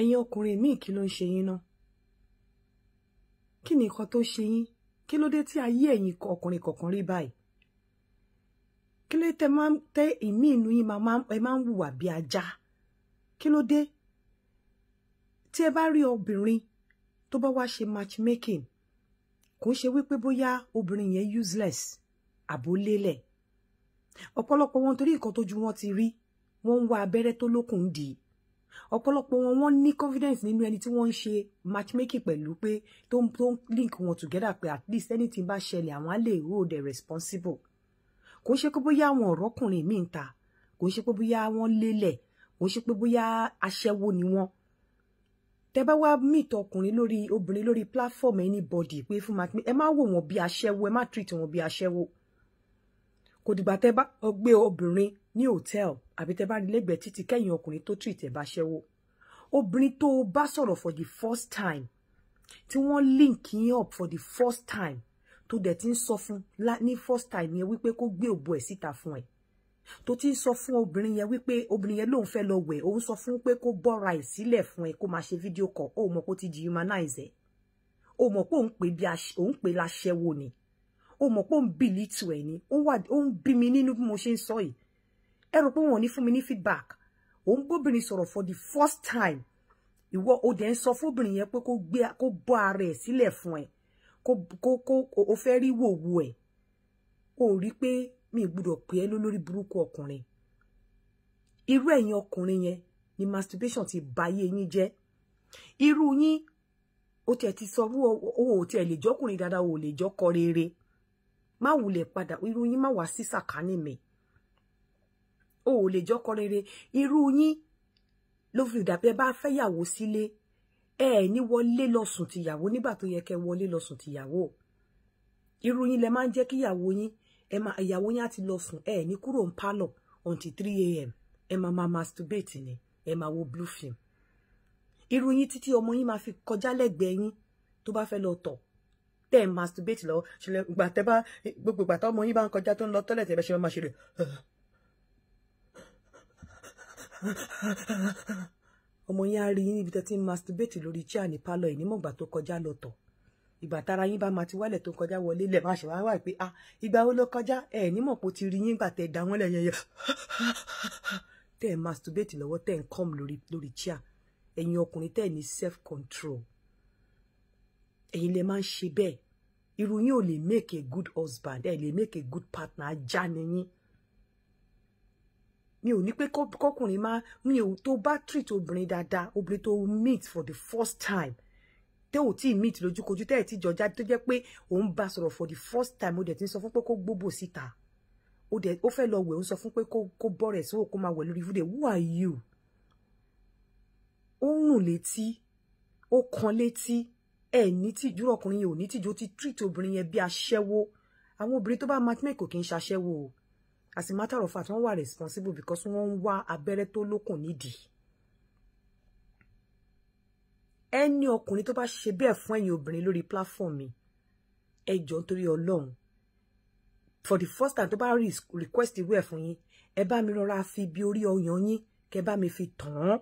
ẹ̀yin ọkùnrin míì kí ló ń ṣe yín náà kí ni nǹkan tó ṣe yín kí ló dé tí ayé ẹ̀yin ọkùnrin kọ̀ọ̀kan rí báyìí kí ló tẹ máa ń tẹ ìmí inú yín ẹ máa ń hùwà bí ajá kí ló dé tí ẹ bá rí obìnrin tó bá wá ṣe matchmaking kò ń ṣe wípé bóyá obìnrin yẹn useless àbó lélẹ̀ ọ̀pọ̀lọpọ̀ wọn torí nǹkan tójú wọn ti rí wọ́n ń wá abẹ́rẹ́ tó lókun dì ọ̀pọ̀lọpọ̀ wọn wọ́n ní confidence nínú ẹni tí wọ́n ń ṣe matchmaking pẹ̀lú pé tó ń link wọn together pé at least anything bá ṣẹlẹ̀ àwọn á lè hold them responsible kò ń ṣe pé bóyá àwọn ọ̀rọ́kùnrin míì ń ta kò ń ṣe pé bóyá wọ́n lélẹ̀ kò ń ṣe pé bóyá aṣẹ́wó ni wọ́n tẹ bá wá meet ọkùnrin lórí obìnrin lórí platform anybody pé fún matchmaking ẹ má wò wọ́n bí aṣẹ́wó ẹ má treat wọn bí aṣẹ́wó kò dìgbà tẹ́ bá ọgbẹ́ obìnrin ní hòtẹ́ẹ̀l àbí tẹ́ bá nílẹ̀gbẹ̀ẹ́ títí kẹ́yìn ọkùnrin tó tú ìtẹ̀bá ṣẹ́wó obìnrin tó o bá sọ̀rọ̀ for the first time tí wọ́n link yín up for the first time tó dẹ̀ ti ń sọ fún ní first time yẹn wípé kó gbé òbò ẹ̀ síta fún ẹ̀ tó ti ń sọ fún obìnrin yẹn wípé obìnrin yẹn lòun fẹ́ lọ wẹ̀ òun sọ fún pé kó bọ́ra ẹ̀ sílẹ̀ fún ẹ kó máa ṣe fídíò kọ̀ ó mọ̀ kó ti dehumanize ẹ̀ ó mọ̀ pé òun pè bí òun ni o mọ̀ pé ó ń bì lítù ẹ̀ ni ó ń bí mi nínú bí mo ṣe ń sọ yìí ẹ rò pé wọn ò ní fún mi ní feedback òun gbóbìnrin sọ̀rọ̀ for the first time ìwọ o dẹ̀ ń sọ fóbìnrin yẹn pé kó gbé kó bọ́ ara ẹ̀ sílẹ̀ fún ẹ kó kó kó o fẹ́ rí wòwò ẹ̀ o rí pé mi gbọ́dọ̀ pè é lólórí burúkú ọkùnrin irú ẹ̀yin ọkùnrin yẹn ni masturbation ti báyé yín jẹ́ irú yín o tẹ̀ ti sọ o ò lè jọ́kùnrin dáadáa o ò lè jọ́kọ rere má wulẹ̀ padà irú yín má wá sí sàkání mi o ò lè jọ́kọ rere irú yín ló fi dàbẹ́ bá fẹ́yàwó sílé ẹ ẹ̀ ní wọlé lọ sùn tìyàwó nígbà tó yẹ kẹ wọlé lọ sùn tìyàwó irú yín lẹ máa ń jẹ́ kíyàwó yín ẹ máa ìyàwó yín á ti lọ sùn ẹ ẹ̀ ní kúrò ń pálọ̀ until three a.m. ẹ máa máa masturbate ni ẹ máa wo blue film irú yín títí ọmọ yín máa fi kọjá lẹ́gbẹ̀ẹ́ yín tó bá fẹ́ lọ tọ̀ tẹ́ ẹ̀ masturbate lọ ṣẹlẹ̀ gbà tẹ́ bá gbogbo ìgbà tọ́mọ yín bá ń kọjá tó ń lọ tọ́lẹ̀ tẹ́ bẹ́ ṣe máa ṣe rẹ̀. ọmọ yín á rí yín níbi tẹ́ ti ń masturbate lórí chair ní pálọ̀ yìí nímọ̀gbà tó kọjá lọ tọ̀ ìgbà tára yín bá máa ti wálẹ̀ tó kọjá wọlé lẹ̀ máa ṣe wá wà pé ah ìgbà wo ló kọjá ẹ̀ nímọ̀ pé ó ti rí yín gbà tẹ́ dá wọn lẹ́yìn ẹ̀yẹ tẹ́ ẹ̀ masturbate lọ́wọ́ tẹ́ ẹ̀ ń come lórí lórí chair ẹ̀yin ọkùnrin tẹ́ ẹ̀ ní self control ẹ̀yin lè máa ń ṣe bẹ́ẹ̀ irú yín ò lè make a good husband ẹ lè make a good partner ajá ni yín mi ò ní pé kọkùnrin máa mi ò tó bá treat obìnrin dáadáa obìnrin tó meet for the first time tẹ́ ò tíì meet lójúkojú tẹ́ ẹ̀ ti jọjá tó jẹ́ pé òun bá sọ̀rọ̀ for the first time ó dẹ̀ ti ń sọ fún pé kó gbóbò síta ó dẹ̀ ó fẹ́ lọ wẹ̀ ó ń sọ fún pé kó kó bọ́rẹ̀ sówó kó máa wẹ̀ lórí fúdẹ̀ who are you ó ń rùn létí ó kan létí ẹ ní tìjú ọkùnrin yẹn ò ní tìjú ti treat obìnrin yẹn bí aṣẹ́wó àwọn obìnrin tó bá matchmake kò kí ń ṣaṣẹ́wó o as a matter of fact wọ́n wà responsible because wọ́n ń wá abẹ́rẹ́ tó lókùn nídìí ẹni ọkùnrin tó bá ṣe bẹ́ẹ̀ fún ẹ̀yin obìnrin lórí platform mi ẹ jọ̀ọ́ nítorí Ọlọ́run for the first time tó bá request irú ẹ̀ fún yín ẹ bá mi rọra fi bí orí ọyàn yín kẹ́ bá mi fi tàn án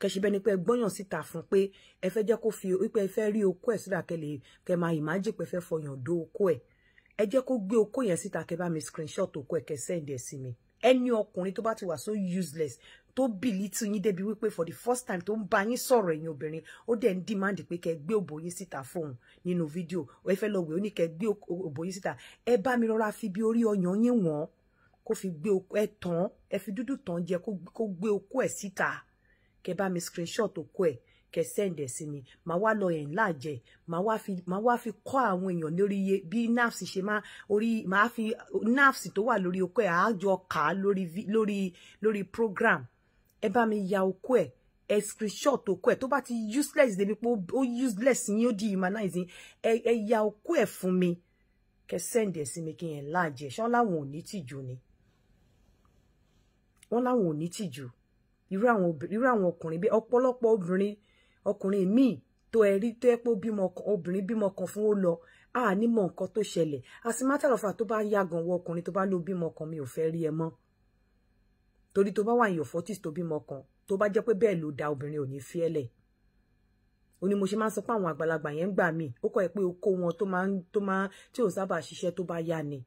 kẹ̀sì bẹ́ni pé gbọ́yàn síta fún pé ẹ fẹ́ jẹ́ kó fi wípé ẹ fẹ́ rí okó ẹ̀ síta kẹlẹ̀ kẹ máa ìmájì pé fẹ́ fọyàn dó okó ẹ̀ ẹ jẹ́ kó gbé okó yẹn síta kẹ bá mi screenshot okó ẹ̀ kẹ send ẹ̀ sí mi ẹni ọkùnrin tó bá ti wà so useless tó bìlítì yín débi wípé for the first time tó ń bá yín sọ̀rọ̀ ẹ̀yin obìnrin ó dẹ̀ ń demand pé kẹ́ gbé òbò yín síta fóun nínú fídíò ẹ fẹ́ lọ wẹ̀ ó ní kẹ́ gbé òbò yín síta ẹ bá mi rọra fi bí orí ọyàn yín wọ̀n kó fi gbé ẹ tán ẹ fi dúdú tán jẹ kó gbé okó ẹ̀ síta kẹ bá mi screenshot tó kọ ẹ̀ kẹ send ẹ̀ sí mi màá wá lọ enlarge màá wá fi màá wá fi kọ́ àwọn èèyàn lórí iye bí nerves ṣe máa orí màá fi nerves tó wà lórí okó ẹ̀ àájọ kà á lórí lórí lórí program ẹ bá mi ya okó ẹ̀ ẹ screenshot okó ẹ̀ tó bá ti useless débi pé ó useless yín ó di humanizing ẹ ẹ ya okó ẹ̀ fún mi kẹ send ẹ̀ sí mi kí n enlarge ẹ̀ ṣọ́n láwọn ò ni wọ́n láwọn ò ní irú àwọn irú àwọn ọkùnrin bẹ́ẹ̀ ọ̀pọ̀lọpọ̀ obìnrin ọkùnrin míì tó ẹ tó ẹ obìnrin bímọ kan fún ó lọ a ní mọ nǹkan tó ṣẹlẹ̀ as a matter of fact tó bá yá gan wọ ọkùnrin tó bá lọ bímọ kan mi ò fẹ́ rí ẹ mọ́ torí tó bá wà yàn fortis tó bímọ kan tó bá jẹ́ pé bẹ́ẹ̀ ló da obìnrin ò ní fi ẹ́ lẹ̀ ó ní mo ṣe máa ń sọ pé àwọn àgbàlagbà yẹn ń gbà mí ó kọ́ ẹ pé okó wọn tó máa ń tó máa tí ò sábà ṣiṣẹ́ tó bá yá ni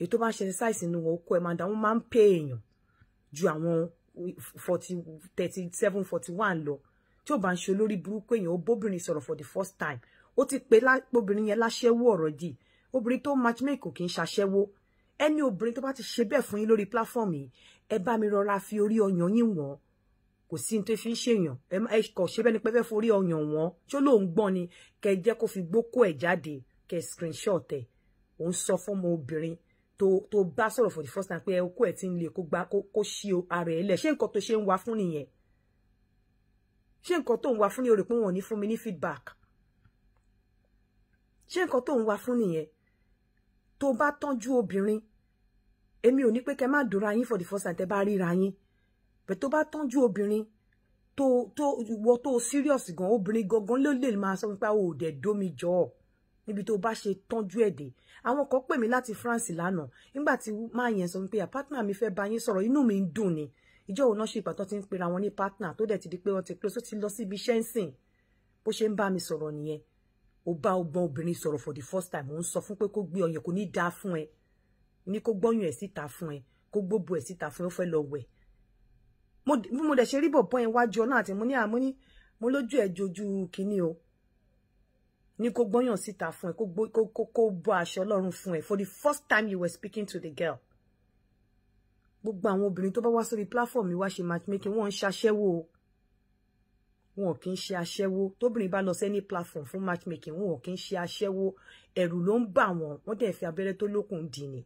èyí tó bá ń ṣe exercise inú wọn okó ẹ máa dá wọn máa ń pè èèyàn ju àwọn forty thirty seven forty one lọ tí ò bá ń ṣe olórí burúkú èèyàn ó bóbìnrin sọ̀rọ̀ for the first time ó ti pè obìnrin yẹn láṣẹ́wó ọ̀rọ̀ dì obìnrin tó matchmake kì í ṣaṣẹ́wó ẹni obìnrin tó bá ti ṣe bẹ́ẹ̀ fún yín lórí platform yìí ẹ bá mi rọra fi orí ọyàn yín wọ̀n kò sí ní tó fi ń ṣèyàn ẹ kọ̀ ṣe bẹ́ẹ̀ ni pé fẹ́ forí ọyàn wọ̀n ṣó lóun gbọ́n ni kẹ jẹ́ kó fi gbókó ẹ̀ jáde kẹ screenshot ẹ̀ òun sọ fọ́mọ obìnrin To to bá sọ̀rọ̀ for the first time pé okó ẹ̀ ti ń le kó gbá kó ṣí ara ẹ̀ lẹ̀ ṣé nǹkan tó ṣe ń wá fún nìyẹn ṣé nǹkan tó ń wá fún ni o rò pé wọn ò ní fún mi ní feedback ṣé nǹkan tó ń wá fún nìyẹn tó bá tọ́jú obìnrin èmi ò ní pé kẹ́ má dúra yín for the first time tẹ́ bá ríra yín bẹ́ẹ̀ tó bá tọ́jú obìnrin tó tó ìwọ tó serious gan obìnrin gangan ló lè máa sọ pé ah, o ò dẹ̀ dómi jọ ọ́ níbi tó bá ṣe tọ́jú ẹ̀dẹ̀ àwọn kan pè mí láti France lánàá nígbà tí máa yẹn sọ pé partner mi fẹ́ bá yín sọ̀rọ̀ inú mi ń dùn ni ìjọ òun náà ṣe ìgbà ti ń pera wọn ní partner tó dẹ̀ ti di pé wọ́n ti close ó ti lọ síbi iṣẹ́ ń sìn bó ṣe ń bá mi sọ̀rọ̀ nìyẹn ó bá ọgbọ́n obìnrin sọ̀rọ̀ for the first time ó ń sọ fún pé kó gbé ọyàn kò ní dáa fún ẹ ní kó gbọ́yàn ẹ̀ síta fún ẹ kó gbóbo ẹ̀ síta fún ẹ ó fẹ́ lọ wẹ̀ mo dẹ̀ ṣe rí bọ̀bọ́ ẹ wájú ọ náà àti mo ní àmúní mo lójú ẹ̀ jojú kínní o ní kó gbọ́yàn síta fún ẹ kó bọ́ aṣọ ọlọ́run fún ẹ for the first time you were speaking to the girl gbogbo àwọn obìnrin tó bá wá sórí platform mi wá ṣe matchmaking wọ́n ń ṣaṣẹ́wó wọn kì í ṣe aṣẹ́wó tóbìnrin bá lọ sẹ́ni platform fún matchmaking wọn kì í ṣe aṣẹ́wó ẹ̀rù ló ń bà wọ́n wọ́n dẹ̀ fi abẹ́rẹ́ tó lókun dì ní.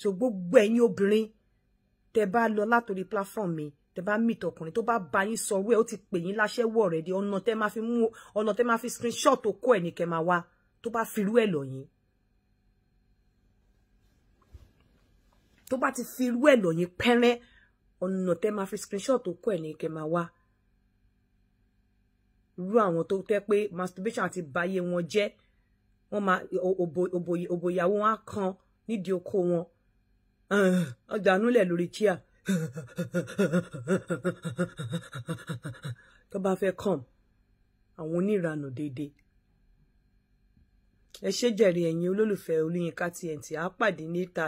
so gbogbo ẹ̀yin obìnrin tẹ́ bá lọ látòrí platform mi tẹ́ bá meet ọkùnrin tó bá bá yín sọ wẹ́ ó ti pè yín láṣẹ́wó already ọ̀nà tẹ́ máa fi mu ọ̀nà tẹ́ máa fi screenshot okó ẹ̀ ní kẹ́ máa wá tó bá firú ẹ̀ lọ yín tó bá ti firú ẹ̀ lọ yín pẹ́rẹ́ ọ̀nà tẹ́ máa fi screenshot okó ẹ̀ ní kẹ́ máa wá irú àwọn tó tẹ́ pé masturbation àti báyé wọn jẹ́ wọ́n wa òbòyàwó ni á kan nídìí okó wọn ọ̀dànúlẹ̀ lórí chair tó bá fẹ́ come àwọn oníranù déédéé ẹ ṣé jẹ̀rí ẹ̀yin olólùfẹ́ Olúyinká TNT á pàdé níta